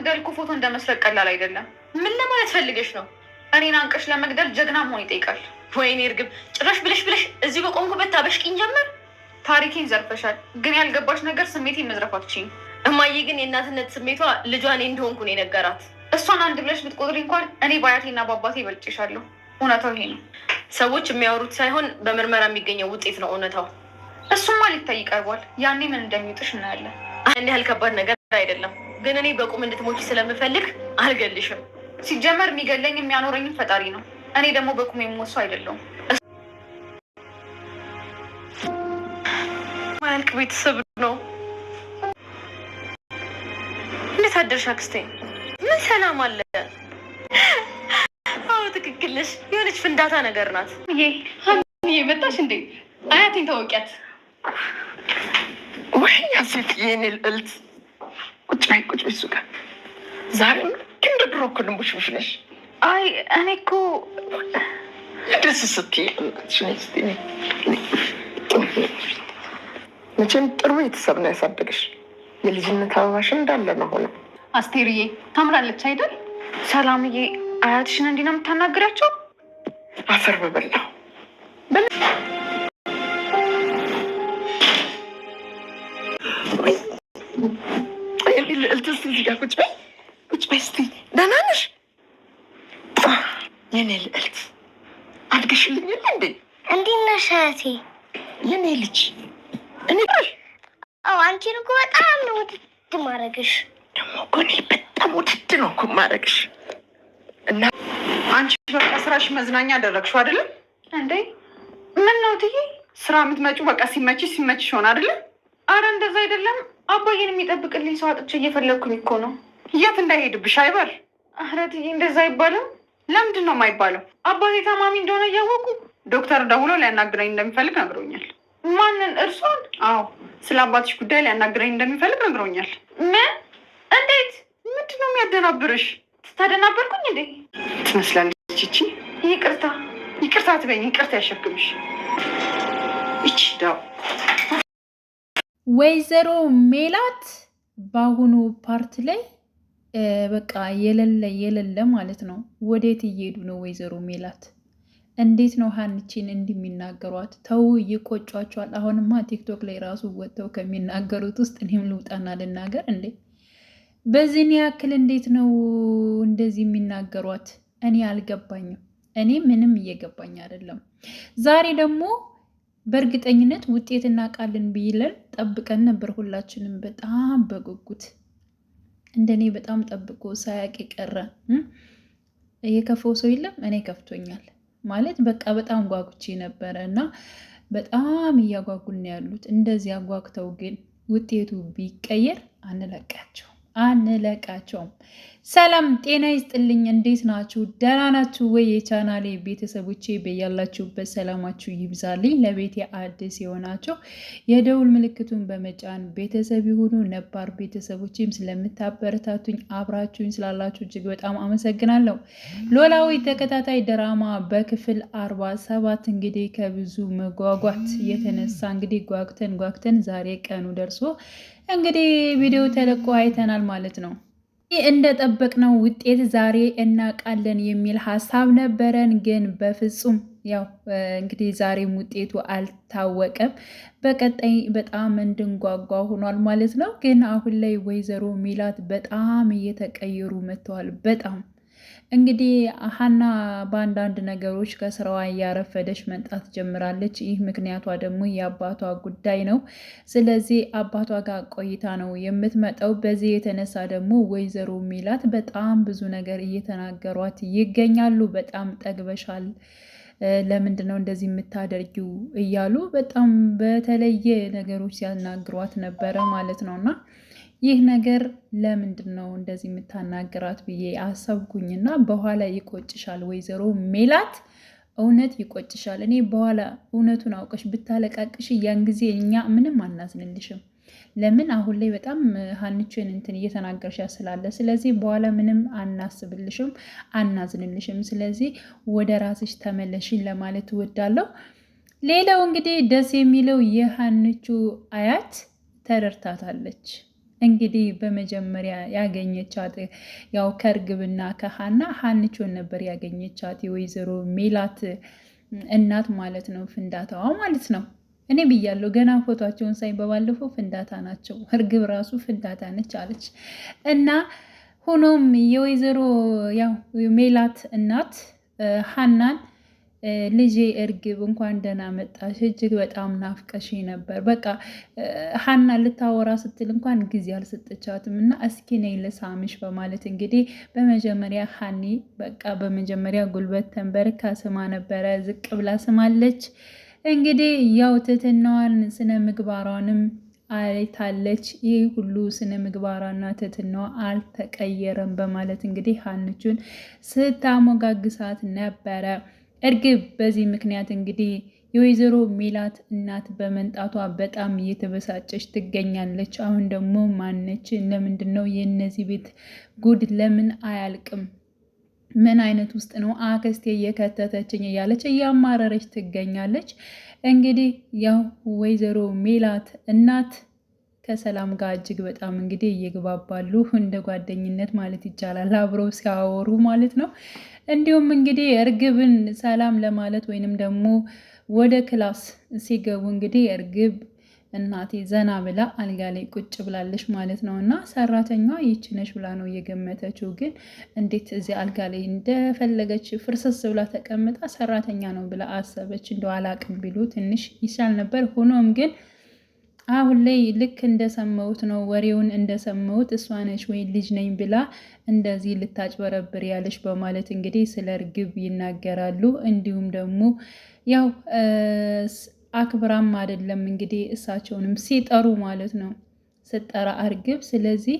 ለመግደል እኮ ፎቶ እንደመስረቅ ቀላል አይደለም። ምን ለማለት ፈልገሽ ነው? እኔን አንቀሽ ለመግደል ጀግና መሆን ይጠይቃል። ወይኔ እርግብ፣ ጭራሽ ብለሽ ብለሽ እዚህ በቆምኩበት ታበሽቂኝ ጀመር። ታሪኬን ዘርፈሻል፣ ግን ያልገባሽ ነገር ስሜቴን መዝረፍ አትችይም። እማዬ ግን የእናትነት ስሜቷ ልጇ እኔ እንደሆንኩ ነው የነገራት። እሷን አንድ ብለሽ ብትቆጥሪ እንኳን እኔ በአያቴና በአባቴ ይበልጭሻለሁ። እውነታው ይሄ ነው። ሰዎች የሚያወሩት ሳይሆን በምርመራ የሚገኘው ውጤት ነው እውነታው። እሱማ ሊታይ ይቀርቧል። ያኔ ምን እንደሚውጥሽ እናያለን። ያን ያህል ከባድ ነገር አይደለም። ግን እኔ በቁም እንድትሞች ስለምፈልግ አልገልሽም። ሲጀመር የሚገለኝ የሚያኖረኝም ፈጣሪ ነው። እኔ ደግሞ በቁም የምወሱ አይደለውም። ማያልቅ ቤተሰብ ነው። እንዴት አደርሽ አክስቴ? ምን ሰላም አለ? አዎ ትክክል ነሽ። የሆነች ፍንዳታ ነገር ናት። ይሄ መጣሽ እንዴ? አያቴን ታወቂያት ወይ? ያሴት የኔ ልዕልት ቁጭ በይ ቁጭ በይ እሱ ጋር ዛሬም እንደ ድሮ እኮ ድንቦሽሽ ነሽ። አይ እኔ እኮ ደስ ስትይ መቼም ጥሩ ቤተሰብ ነው ያሳደገሽ። የልጅነት አበባሽን እንዳለ ነው ሆነ። አስቴርዬ ታምራለች አይደል? ሰላምዬ አያትሽን እንዲህ ነው የምታናግራቸው። አፈር በበላው ጋር ቁጭ በይ ቁጭ በይ ስትይ ደህና ነሽ የኔ ልዕልት አድገሽልኛል እንዴ? እንዴት ነሽ እህቴ? የኔ ልጅ እኔ አዎ፣ አንቺን እኮ በጣም ነው ውድድ ማረግሽ። ደግሞ እኮ እኔ በጣም ውድድ ነው እኮ ማረግሽ። እና አንቺ በቃ ስራሽ መዝናኛ አደረግሽው አይደለም እንዴ? ምን ነው ትዬ ስራ የምትመጪው በቃ ሲመችሽ ሲመችሽ ሆን አይደለም? አረ እንደዛ አይደለም። አባዬን የሚጠብቅልኝ ሰው አጥቼ እየፈለግኩኝ እኮ ነው። የት እንዳይሄድብሽ አይበር። ኧረ ትዬ እንደዛ አይባልም። ለምንድን ነው የማይባለው? አባቴ ታማሚ እንደሆነ እያወቁ ዶክተር ደውሎ ሊያናግረኝ እንደሚፈልግ ነግሮኛል። ማንን? እርሷን? አዎ፣ ስለ አባትሽ ጉዳይ ሊያናግረኝ እንደሚፈልግ ነግሮኛል። ምን? እንዴት? ምንድን ነው የሚያደናብርሽ? ትታደናበርኩኝ እንዴ ትመስላለች። ይቺ ይቅርታ፣ ይቅርታ ይቅርታ ትበኝ። ይቅርታ ያሸክምሽ ይቺ ዳው ወይዘሮ ሜላት በአሁኑ ፓርት ላይ በቃ የለለ የለለ ማለት ነው። ወዴት እየሄዱ ነው? ወይዘሮ ሜላት እንዴት ነው ሀንቺን እንዲሚናገሯት ተው፣ ይቆጯቸዋል። አሁንማ ቲክቶክ ላይ ራሱ ወጥተው ከሚናገሩት ውስጥ እኔም ልውጣና ልናገር እንዴ! በዚህን ያክል እንዴት ነው እንደዚህ የሚናገሯት? እኔ አልገባኝም። እኔ ምንም እየገባኝ አይደለም። ዛሬ ደግሞ በእርግጠኝነት ውጤት ቃልን ብለን ጠብቀን ነበር። ሁላችንም በጣም በጉጉት እንደኔ በጣም ጠብቆ ሳያቅ የቀረ የከፈው ሰው የለም። እኔ ከፍቶኛል ማለት በቃ በጣም ጓጉቼ ነበረ እና በጣም እያጓጉን ያሉት እንደዚህ አጓግተው ግን ውጤቱ ቢቀየር አንለቃቸው አንለቃቸውም። ሰላም ጤና ይስጥልኝ። እንዴት ናችሁ? ደህና ናችሁ ወይ? የቻናሌ ቤተሰቦቼ በያላችሁበት ሰላማችሁ ይብዛልኝ። ለቤቴ አዲስ የሆናችሁ የደውል ምልክቱን በመጫን ቤተሰብ የሆኑ ነባር ቤተሰቦችም ስለምታበረታቱኝ አብራችሁኝ ስላላችሁ እጅግ በጣም አመሰግናለሁ። ኖላዊ ተከታታይ ድራማ በክፍል አርባ ሰባት እንግዲህ ከብዙ መጓጓት የተነሳ እንግዲህ ጓጉተን ጓግተን ዛሬ ቀኑ ደርሶ እንግዲህ ቪዲዮ ተለቆ አይተናል ማለት ነው። ይህ እንደጠበቅነው ውጤት ዛሬ እናውቃለን የሚል ሀሳብ ነበረን፣ ግን በፍጹም ያው እንግዲህ ዛሬም ውጤቱ አልታወቀም። በቀጣይ በጣም እንድንጓጓ ሆኗል ማለት ነው። ግን አሁን ላይ ወይዘሮ ሚላት በጣም እየተቀየሩ መጥተዋል በጣም እንግዲህ ሀና በአንዳንድ ነገሮች ከስራዋ እያረፈደች መምጣት ጀምራለች። ይህ ምክንያቷ ደግሞ የአባቷ ጉዳይ ነው። ስለዚህ አባቷ ጋር ቆይታ ነው የምትመጣው። በዚህ የተነሳ ደግሞ ወይዘሮ ሚላት በጣም ብዙ ነገር እየተናገሯት ይገኛሉ። በጣም ጠግበሻል፣ ለምንድን ነው እንደዚህ የምታደርጊው እያሉ በጣም በተለየ ነገሮች ሲያናግሯት ነበረ ማለት ነው እና ይህ ነገር ለምንድን ነው እንደዚህ የምታናግራት ብዬ አሰብኩኝና በኋላ ይቆጭሻል ወይዘሮ ሜላት እውነት ይቆጭሻል። እኔ በኋላ እውነቱን አውቀሽ ብታለቃቅሽ ያን ጊዜ እኛ ምንም አናዝንልሽም። ለምን አሁን ላይ በጣም ሀንችን እንትን እየተናገርሽ ስላለ፣ ስለዚህ በኋላ ምንም አናስብልሽም፣ አናዝንልሽም። ስለዚህ ወደ ራስሽ ተመለሽን ለማለት እወዳለሁ። ሌላው እንግዲህ ደስ የሚለው የሀንቹ አያት ተረድታታለች። እንግዲህ በመጀመሪያ ያገኘቻት ያው ከእርግብና ከሀና ሀንቾን ነበር ያገኘቻት የወይዘሮ ሜላት እናት ማለት ነው፣ ፍንዳታዋ ማለት ነው። እኔ ብያለሁ ገና ፎቷቸውን ሳይ በባለፈው ፍንዳታ ናቸው፣ እርግብ ራሱ ፍንዳታ ነች አለች እና ሆኖም የወይዘሮ ያው ሜላት እናት ሀናን ልጄ እርግብ እንኳን ደህና መጣሽ፣ እጅግ በጣም ናፍቀሽ ነበር። በቃ ሀና ልታወራ ስትል እንኳን ጊዜ አልሰጠቻትም እና እስኪ ነይ ልሳምሽ በማለት እንግዲህ በመጀመሪያ ሀኒ በቃ በመጀመሪያ ጉልበት ተንበርካ ስማ ነበረ፣ ዝቅ ብላ ስማለች። እንግዲህ ያው ትትናዋን ስነ ምግባሯንም አይታለች። ይህ ሁሉ ስነ ምግባሯና ትትናዋ አልተቀየረም በማለት እንግዲህ ሀንቹን ስታሞጋግሳት ነበረ። እርግብ በዚህ ምክንያት እንግዲህ የወይዘሮ ሜላት እናት በመንጣቷ በጣም እየተበሳጨች ትገኛለች። አሁን ደግሞ ማነች? ለምንድን ነው የእነዚህ ቤት ጉድ ለምን አያልቅም? ምን አይነት ውስጥ ነው አክስቴ የከተተችኝ? እያለች እያማረረች ትገኛለች። እንግዲህ ያው ወይዘሮ ሜላት እናት ከሰላም ጋር እጅግ በጣም እንግዲህ እየግባባሉ እንደ ጓደኝነት ማለት ይቻላል አብረው ሲያወሩ ማለት ነው። እንዲሁም እንግዲህ እርግብን ሰላም ለማለት ወይንም ደግሞ ወደ ክላስ ሲገቡ እንግዲህ እርግብ እናቴ ዘና ብላ አልጋ ላይ ቁጭ ብላለች ማለት ነው። እና ሰራተኛዋ ይችነች ነች ብላ ነው እየገመተችው፣ ግን እንዴት እዚህ አልጋ ላይ እንደፈለገች ፍርስስ ብላ ተቀምጣ ሰራተኛ ነው ብላ አሰበች። እንደው አላቅም ቢሉ ትንሽ ይሻል ነበር። ሆኖም ግን አሁን ላይ ልክ እንደሰማሁት ነው ወሬውን እንደሰማሁት እሷ ነች ወይ ልጅ ነኝ ብላ እንደዚህ ልታጭበረብር ያለች በማለት እንግዲህ ስለ እርግብ ይናገራሉ። እንዲሁም ደግሞ ያው አክብራም አይደለም እንግዲህ እሳቸውንም ሲጠሩ ማለት ነው ስጠራ እርግብ ስለዚህ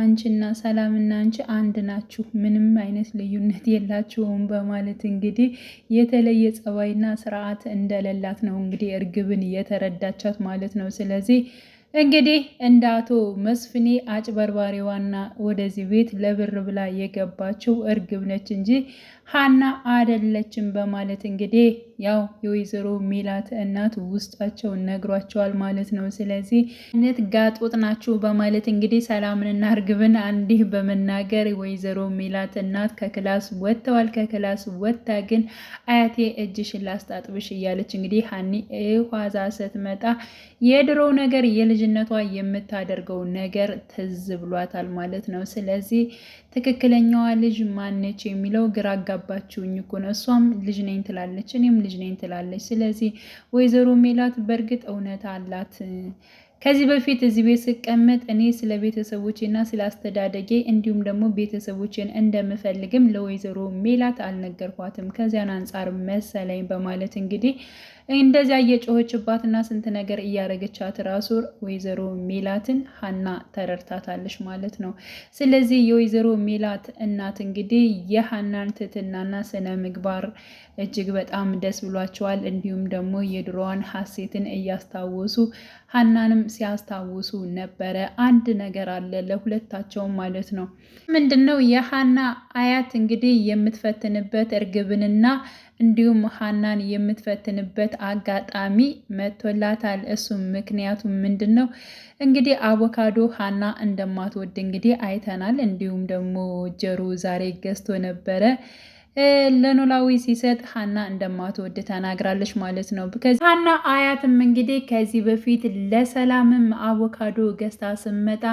አንቺና ሰላምና አንቺ አንድ ናችሁ፣ ምንም አይነት ልዩነት የላችሁም በማለት እንግዲህ የተለየ ጸባይና ስርዓት እንደሌላት ነው እንግዲህ እርግብን እየተረዳቻት ማለት ነው። ስለዚህ እንግዲህ እንደ አቶ መስፍኔ አጭበርባሪዋና ወደዚህ ቤት ለብር ብላ የገባችው እርግብ ነች እንጂ ሀና አደለችም በማለት እንግዲህ ያው የወይዘሮ ሜላት እናት ውስጣቸው ነግሯቸዋል ማለት ነው። ስለዚህ አይነት ጋጦጥ ናችሁ በማለት እንግዲህ ሰላምንና እርግብን አንዲህ በመናገር ወይዘሮ ሜላት እናት ከክላስ ወጥተዋል። ከክላስ ወጥታ ግን አያቴ እጅሽን ላስታጥብሽ እያለች እንግዲህ ሀኒ ኋዛ ስትመጣ የድሮ ነገር የልጅነቷ የምታደርገው ነገር ትዝ ብሏታል ማለት ነው። ስለዚህ ትክክለኛዋ ልጅ ማነች የሚለው ግራ አጋባችሁኝ እኮ ነው። እሷም ልጅ ነኝ ትላለች፣ እኔም ልጅ ነኝ ትላለች። ስለዚህ ወይዘሮ ሜላት በእርግጥ እውነት አላት። ከዚህ በፊት እዚህ ቤት ስቀመጥ እኔ ስለ ቤተሰቦቼና ስለ አስተዳደጌ እንዲሁም ደግሞ ቤተሰቦቼን እንደምፈልግም ለወይዘሮ ሜላት አልነገርኳትም። ከዚያን አንጻር መሰለኝ በማለት እንግዲህ እንደዚያ እየጮኸችባትና ስንት ነገር እያደረገቻት ራሱ ወይዘሮ ሜላትን ሀና ተረድታታለች ማለት ነው። ስለዚህ የወይዘሮ ሜላት እናት እንግዲህ የሀናን ትህትናና ስነ ምግባር እጅግ በጣም ደስ ብሏቸዋል። እንዲሁም ደግሞ የድሮዋን ሀሴትን እያስታወሱ ሀናንም ሲያስታውሱ ነበረ። አንድ ነገር አለ ለሁለታቸውም ማለት ነው። ምንድን ነው የሀና አያት እንግዲህ የምትፈትንበት እርግብንና እንዲሁም ሀናን የምትፈትንበት አጋጣሚ መቶላታል። እሱም ምክንያቱም ምንድን ነው እንግዲህ አቮካዶ ሀና እንደማትወድ እንግዲህ አይተናል። እንዲሁም ደግሞ ጀሮ ዛሬ ገዝቶ ነበረ ለኖላዊ ሲሰጥ ሀና እንደማትወድ ተናግራለች ማለት ነው። ሀና አያትም እንግዲህ ከዚህ በፊት ለሰላምም አቮካዶ ገዝታ ስመጣ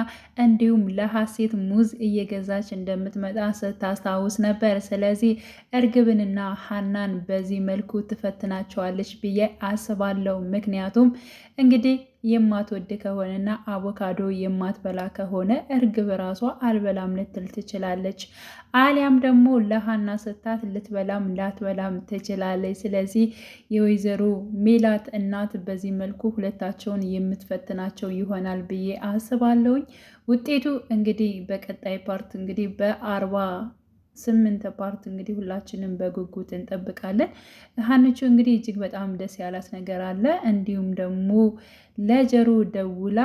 እንዲሁም ለሀሴት ሙዝ እየገዛች እንደምትመጣ ስታስታውስ ነበር። ስለዚህ እርግብንና ሀናን በዚህ መልኩ ትፈትናቸዋለች ብዬ አስባለሁ። ምክንያቱም እንግዲህ የማትወድ ከሆነና አቮካዶ የማትበላ ከሆነ እርግብ ራሷ አልበላም ልትል ትችላለች። አሊያም ደግሞ ለሀና ስታት ልትበላም ላትበላም ትችላለች። ስለዚህ የወይዘሮ ሜላት እናት በዚህ መልኩ ሁለታቸውን የምትፈትናቸው ይሆናል ብዬ አስባለሁኝ። ውጤቱ እንግዲህ በቀጣይ ፓርት እንግዲህ በአርባ ስምንት ፓርት እንግዲህ ሁላችንም በጉጉት እንጠብቃለን። ሀንቹ እንግዲህ እጅግ በጣም ደስ ያላት ነገር አለ። እንዲሁም ደግሞ ለጀሮ ደውላ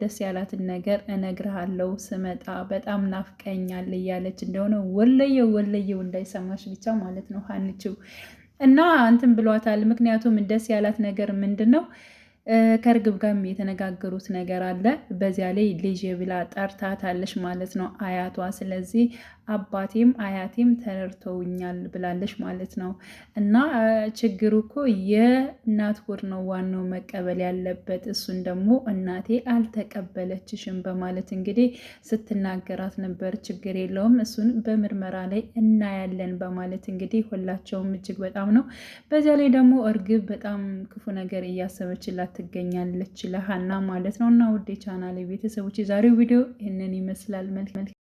ደስ ያላትን ነገር እነግርሃለው ስመጣ በጣም ናፍቀኛል እያለች እንደሆነ ወለየው ወለየው እንዳይሰማሽ ብቻ ማለት ነው ሀንቹ እና እንትን ብሏታል። ምክንያቱም ደስ ያላት ነገር ምንድን ነው? ከእርግብ ጋርም የተነጋገሩት ነገር አለ። በዚያ ላይ ልጄ ብላ ጠርታታለች ማለት ነው አያቷ። ስለዚህ አባቴም አያቴም ተረድተውኛል ብላለች ማለት ነው። እና ችግሩ እኮ የእናት ሆድ ነው ዋናው መቀበል ያለበት፣ እሱን ደግሞ እናቴ አልተቀበለችሽም በማለት እንግዲህ ስትናገራት ነበር። ችግር የለውም እሱን በምርመራ ላይ እናያለን በማለት እንግዲህ ሁላቸውም እጅግ በጣም ነው። በዚያ ላይ ደግሞ እርግብ በጣም ክፉ ነገር እያሰበችላት ትገኛለች ለሀና ማለት ነው። እና ውዴ ቻናል ቤተሰቦች የዛሬው ቪዲዮ ይህንን ይመስላል። መልክ መልክ